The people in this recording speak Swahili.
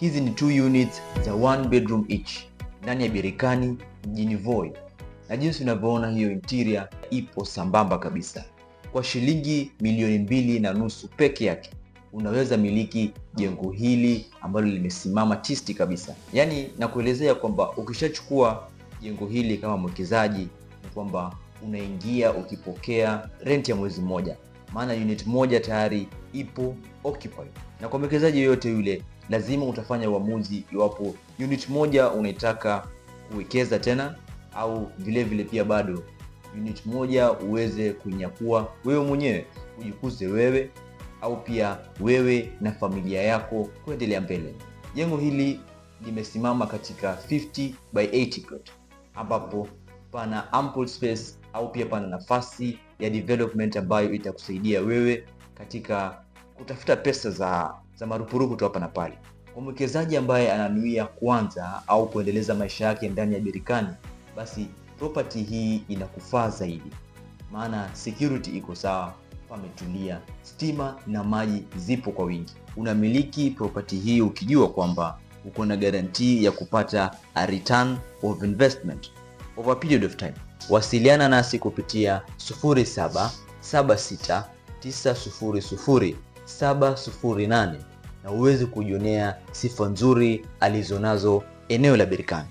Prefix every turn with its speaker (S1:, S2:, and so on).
S1: Hizi ni two units za one bedroom each ndani ya birikani mjini Voi, na jinsi unavyoona hiyo interior ipo sambamba kabisa. Kwa shilingi milioni mbili na nusu peke yake unaweza miliki jengo hili ambalo limesimama tisti kabisa. Yaani nakuelezea kwamba ukishachukua jengo hili kama mwekezaji, ni kwamba unaingia ukipokea renti ya mwezi mmoja maana unit moja tayari ipo occupied. Na kwa mwekezaji yoyote yule, lazima utafanya uamuzi iwapo unit moja unaitaka kuwekeza tena au vilevile vile pia bado unit moja uweze kunyakua wewe mwenyewe, ujikuze wewe au pia wewe na familia yako kuendelea mbele. Jengo hili limesimama katika 50 by 80 plot ambapo pana ample space au pia pana nafasi ya development ambayo itakusaidia wewe katika kutafuta pesa za, za marupurupu tu hapa na pale. Kwa mwekezaji ambaye ananuia kwanza au kuendeleza maisha yake ndani ya birikani basi property hii inakufaa zaidi, maana security iko sawa, pametulia, stima na maji zipo kwa wingi. Unamiliki property hii ukijua kwamba uko na guarantee ya kupata a return of investment over a period of time. Wasiliana nasi kupitia 0776900708 na uweze kujionea sifa nzuri alizonazo eneo la birikani